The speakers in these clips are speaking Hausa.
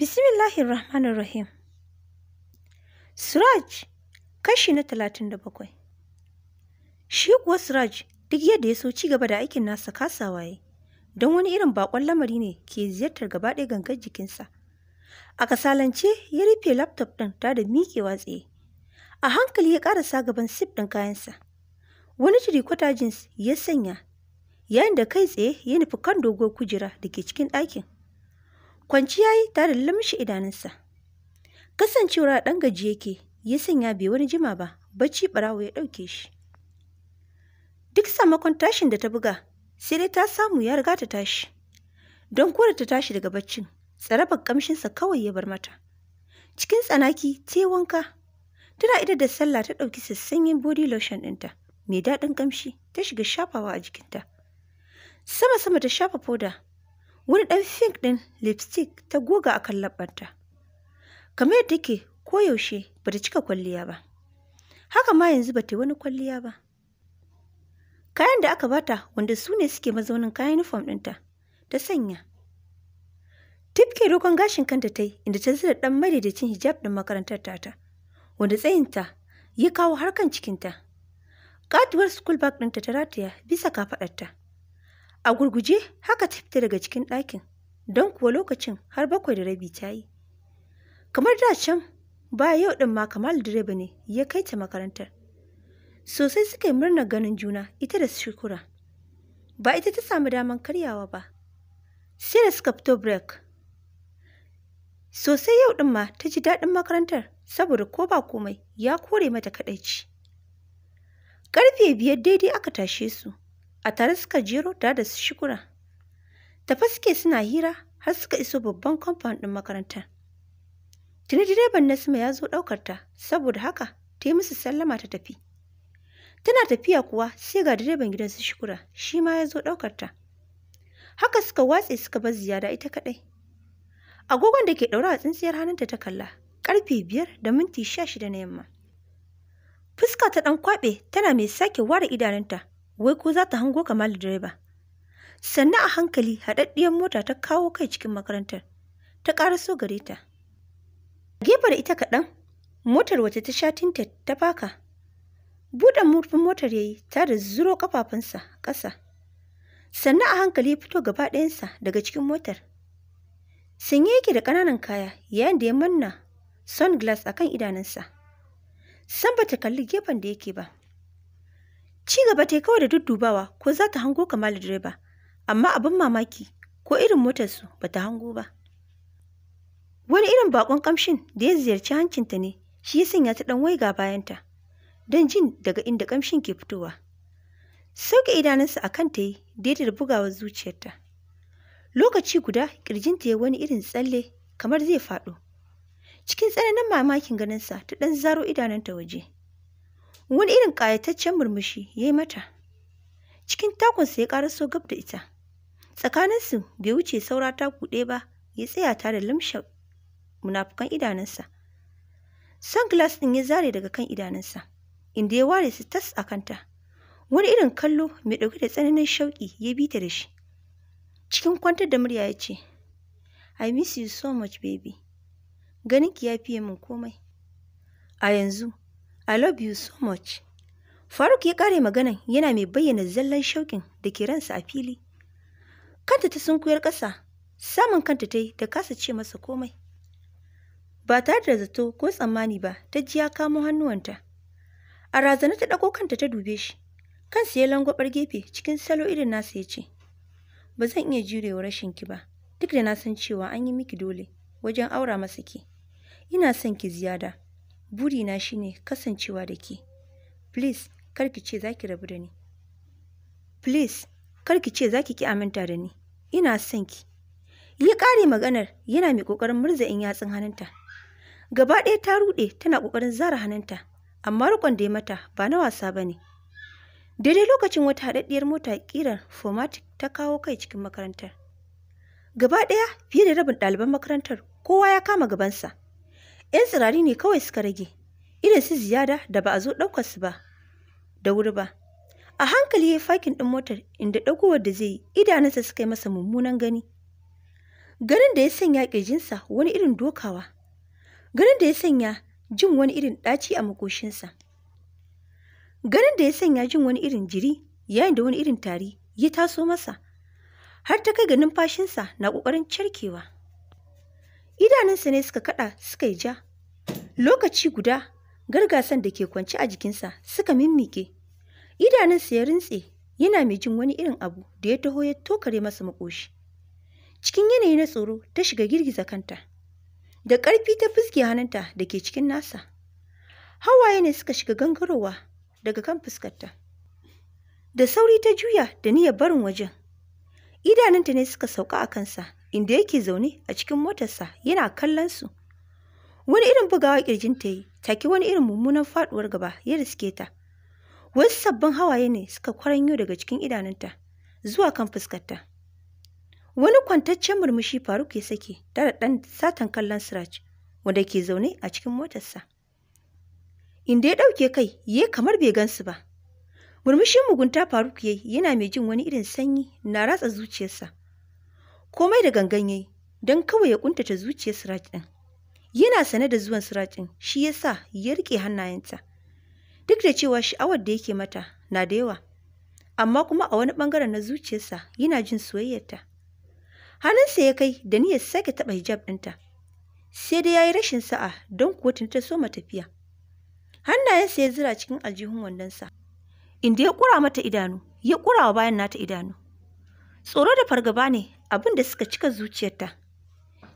Bismillahir Rahmanir Rahim. Suraj kashi na talatin da bakwai. Shi kuwa Suraj duk yadda ya so ci gaba da aikin nasa kasawa ya don wani irin bakon lamari ne ke ziyartar gaba ɗaya gangar jikinsa. A kasalance ya rufe laptop ɗin ta da miƙewa tsaye. A hankali ya ƙarasa gaban sif ɗin kayansa. Wani tirikwata jeans ya sanya, yayin da kai tsaye ya nufi kan doguwar kujera da ke cikin ɗakin. Kwanciya yi tare da lamshi idanunsa. Kasancewa ɗan gaji yake, ya sanya bai wani jima ba, bacci ɓarawo ya ɗauke shi. Duk samakon tashin da ta buga, sai dai ta samu ya riga ta tashi. Don kore ta tashi daga baccin, tsarabar ƙamshinsa kawai ya bar mata. Cikin tsanaki, ta wanka. Tana ita da sallah ta ɗauki sassanyen body lotion ɗinta, mai daɗin ƙamshi, ta shiga shafawa a jikinta. Sama-sama ta shafa foda, wani ɗan fink ɗin lipstick ta goga akan labbanta kamar yadda take koyaushe ba ta cika kwalliya ba haka ma yanzu ba ta wani kwalliya ba kayan da aka bata wanda su ne suke mazaunin kayan uniform ɗinta ta sanya tifke dogon gashin kanta ta yi inda ta zira ɗan cin hijab ɗin makarantar tata wanda tsayinta ya kawo harkan cikinta katuwar school bag ɗinta ta rataya bisa kafaɗarta A gurguje haka ta fita daga cikin ɗakin, don kuwa lokacin har bakwai da rabi ta yi. Kamar da can, ba yau ɗin ma Kamal direba ne ya kai ta makarantar. Sosai suka yi murnar ganin juna ita da shukura. Ba ita ta samu daman karyawa ba. Sai da suka fito break. Sosai yau ɗin ma ta ji daɗin makarantar saboda ko ba komai ya kore mata kaɗaici. Ƙarfe biyar daidai aka tashe su. a tare suka jero tare da su shukura. da faske suna hira har suka iso babban kamfan ɗin makarantar tuni direban nasima ya zo ɗaukar ta saboda haka ta yi musu sallama ta tafi tana tafiya kuwa sai ga direban gidan su shukura, shi ma ya zo ɗaukar ta haka suka watse suka bar ziyara ita kaɗai agogon da ke ɗaura a tsintsiyar hannunta ta kalla ƙarfe biyar da minti sha shida na yamma fuska ta ɗan kwaɓe tana mai sake ware idanunta wai ko za ta hango kamar direba. Sannan a hankali haɗaɗɗiyar mota ta kawo kai cikin makarantar, ta ƙara ƙaraso gare ta. Gefe da ita kaɗan, motar wacce ta sha tinta ta faka. Buɗe murfin motar ya yi ta da zuro ƙafafunsa ƙasa. Sannan a hankali ya fito gaba ɗayansa daga cikin motar. Sanye yake da ƙananan kaya yayin da ya manna sunglass a kan idanunsa. San bata kalli gefen da yake ba. Ci gaba ta yi kawai da duddubawa ko za ta hango Kamalu direba, amma abin mamaki ko irin motarsu ba ta hango ba. Wani irin bakon kamshin da ya ziyarci hancinta ne shi ya sanya ta ɗan waiga bayanta don jin daga inda kamshin ke fitowa. Sauke idanunsa a kanta yi daidai da bugawar zuciyarta. Lokaci guda ƙirjinta ya wani irin tsalle kamar zai faɗo. Cikin tsananin mamakin ganinsa ta ɗan zaro idanunta waje. wani irin ƙayataccen murmushi ya yi mata cikin takunsa ya ƙara ƙaraso gab da ita tsakaninsu bai wuce saura taku ɗaya ba ya tsaya tare da limshe munafukan idanunsa sunglass ɗin ya zare daga kan idanunsa inda ya ware su tas a kanta wani irin kallo mai ɗauke da tsananin shauƙi ya bi ta da shi cikin kwantar da murya ya ce i miss you so much baby ganinki ya fiye min komai a yanzu I love you so much. Faruk ya ƙare maganan yana mai bayyana zallan shauƙin da ke ransa a fili. Kanta ta sunkuyar ƙasa, samun kanta ta yi ta kasa ce masa komai. Ba tare da zato ko tsammani ba, ta ji ya kamo hannuwanta. A razana ta ɗago kanta ta dube shi, kansa ya langwabar gefe cikin salo irin nasa ya ce, Ba zan iya jurewa rashin ki ba, duk da na san cewa an yi miki dole wajen aura masa ki. Ina son ki ziyada. burina shine kasancewa da ke please kar ki ce zaki rabu da ni please kar ki ce zaki ki aminta da ni ina son ki yi ƙari maganar yana mai ƙoƙarin murza in yatsun hannunta gaba ɗaya ta ruɗe tana ƙoƙarin zara hannunta amma riƙon da ya mata ba na wasa ba ne daidai lokacin wata haɗaɗɗiyar mota ƙirar formatic ta kawo kai cikin makarantar gaba ɗaya fiye da rabin ɗaliban makarantar kowa ya kama gabansa 'yan tsirari ne kawai suka rage irin su ziyada da ba a zo ɗaukar su ba da wuri ba a hankali ya yi fakin ɗin motar inda ɗaukowar da zai yi idanunsa suka yi masa mummunan gani Ganin da ya sanya ƙirjinsa wani irin dokawa garin da ya sanya jin wani irin ɗaci a makoshinsa Ganin da ya sanya jin wani irin jiri yayin da wani irin tari ya taso masa har ta kai ga numfashinsa na ƙoƙarin carkewa. idanunsa ne suka kada suka yi ja lokaci guda gargasan da ke kwance a jikinsa suka mimmike idanunsa ya rintse yana mai jin wani irin abu da ya taho ya tokare masa makoshi cikin yanayi na tsoro ta shiga girgiza kanta da ƙarfi ta fuske hannunta da ke cikin nasa hawaye ne suka shiga gangarowa daga kan fuskarta da sauri ta juya da niyyar barin wajen idanunta ne suka sauka a kansa inda yake zaune a cikin motarsa yana kallon su. Wani irin bugawa kirjin ta yi, take wani irin mummunan faduwar gaba ya riske ta. Wasu sabbin hawaye ne suka kwaranyo daga cikin idanunta zuwa kan fuskarta. Wani kwantaccen murmushi Faruk ya sake tare ɗan satan kallon Siraj wanda ke zaune a cikin motarsa. Inda ya ɗauke kai ya kamar bai gansu ba. Murmushin mugunta Faruk ya yana mai jin wani irin sanyi na ratsa zuciyarsa. komai da gangan yayi don kawai ya kuntata zuciyar Siraj ɗin. Yana sane da zuwan Siraj ɗin, shi yasa ya rike hannayenta. Duk da cewa sha'awar da yake mata na da yawa, amma kuma a wani bangaren na zuciyarsa yana jin soyayyarta. Hannunsa ya kai da niyyar sake taɓa hijab ɗinta. Sai dai ya yi rashin sa'a don kuwa ta so soma tafiya. Hannayensa ya zira cikin aljihun wandonsa, inda ya ƙura mata idanu, ya ƙura wa bayan nata idanu. Tsoro da fargaba ne abin da suka cika zuciyarta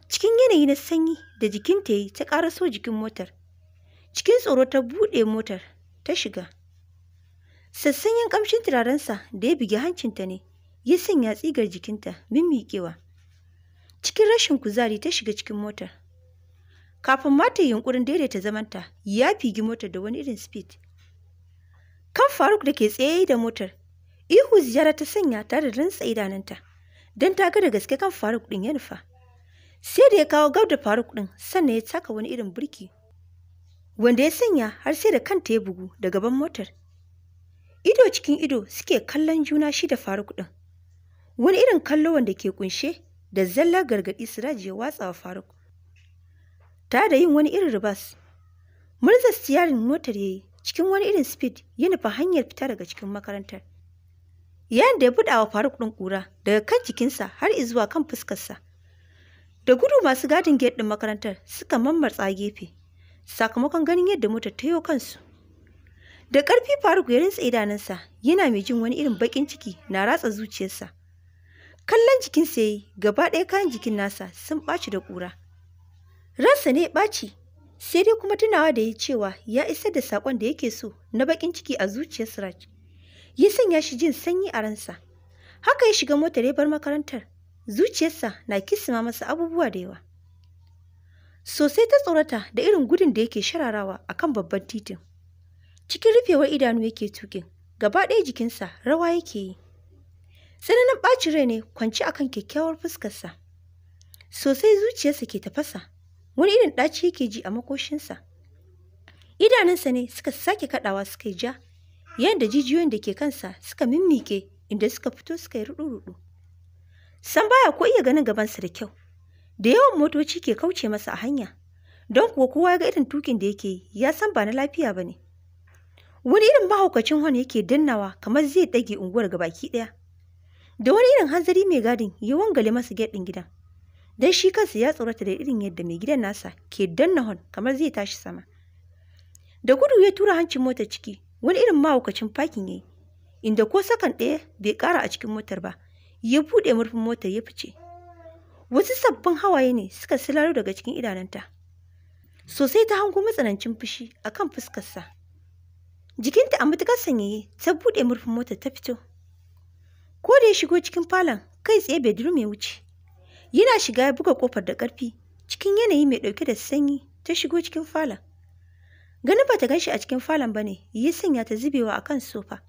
cikin yanayi na sanyi da jikinta yi ta ƙaraso jikin motar cikin tsoro ta buɗe motar ta shiga sassanyen ƙamshin turarensa da ya bugi hancinta ne ya sanya tsigar jikinta mimmiƙewa cikin rashin kuzari ta shiga cikin motar kafin mata ta daidaita zamanta ya figi motar da wani irin speed kan faruk da ke tsaye da motar ihu ziyara ta sanya tare da rantsa idanunta don ta ga da gaske kan faruk ɗin ya nufa sai da ya kawo gab da faruk ɗin sannan ya taka wani irin birki wanda ya sanya har sai da kanta ya bugu da gaban motar ido cikin ido suke kallon juna shi da faruk ɗin wani irin kallo wanda ke kunshe da zalla gargaɗi siraji ya watsa wa faruk tare da yin wani irin ribas murzas siyarin motar ya yi cikin wani irin speed ya nufa hanyar fita daga cikin makarantar yayin da ya buɗa wa faruk ɗin ƙura daga kan jikinsa har izuwa kan fuskarsa da gudu masu gadin gate ɗin makarantar suka mammatsa gefe sakamakon ganin yadda motar ta yo kansu da ƙarfi faruk ya rintsa idanunsa yana mai jin wani irin baƙin ciki na ratsa zuciyarsa kallon jikinsa ya yi gaba ɗaya kayan jikin nasa sun ɓaci da ƙura ransa ne ɓaci sai dai kuma tunawa da ya cewa ya isar da saƙon da yake so na baƙin ciki a zuciyar siraj ya sanya shi jin sanyi a ransa. Haka ya shiga motar ya bar makarantar, zuciyarsa na kisima masa abubuwa da yawa. Sosai ta tsorata da irin gudun da yake shararawa a kan babban titin. Cikin rufewar idanu yake tukin, gaba ɗaya jikinsa rawa yake yi. Tsananin ɓacin rai ne kwanci akan kyakkyawar fuskarsa. Sosai zuciyarsa ke tafasa, wani irin ɗaci yake ji a makoshinsa. Idanunsa ne suka sake kaɗawa suka ja yadda jijiyoyin da ke kansa suka mimmike inda suka fito suka yi rudu-rudu. San baya ko iya ganin gabansa da kyau, da yawan motoci ke kauce masa a hanya, don kuwa kowa ya ga irin tukin da yake yi ya san ba na lafiya ba ne. Wani irin mahaukacin hon yake dannawa kamar zai ɗage unguwar ga baki ɗaya. Da wani irin hanzari mai gadin ya wangale masa gyaɗin gidan. Don shi kansa ya tsorata da irin yadda mai gidan nasa ke danna hon kamar zai tashi sama. Da gudu ya tura hancin motar ciki wani irin mahaukacin fakin yayi inda ko sakan ɗaya bai ƙara a cikin motar ba ya buɗe murfin motar ya fice wasu sabbin hawaye ne suka silaro daga cikin idanunta sosai ta hango matsanancin fushi a kan fuskarsa jikinta a matuƙar sanyaye ta buɗe murfin motar ta fito ko da ya shigo cikin falon kai tsaye bai duru mai wuce yana shiga ya buga kofar da ƙarfi cikin yanayi mai ɗauke da sanyi ta shigo cikin falon Ganin ba ta gan shi a cikin falon ba ne, yi sanya ta zubewa a kan sofa.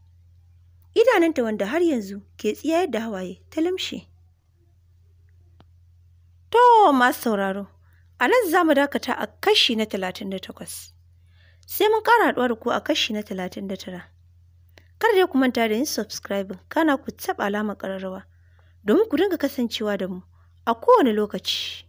Idananta wanda har yanzu ke tsiyayar da hawaye ta limshe. To masu sauraro, a nan za mu dakata a kashi na talatin da takwas. Sai mun ƙara haɗuwa da ku a kashi na talatin da tara. Kada dai ku manta da yin subscribing kana ku taɓa alamar ƙararrawa domin ku dinga kasancewa da mu a kowane lokaci.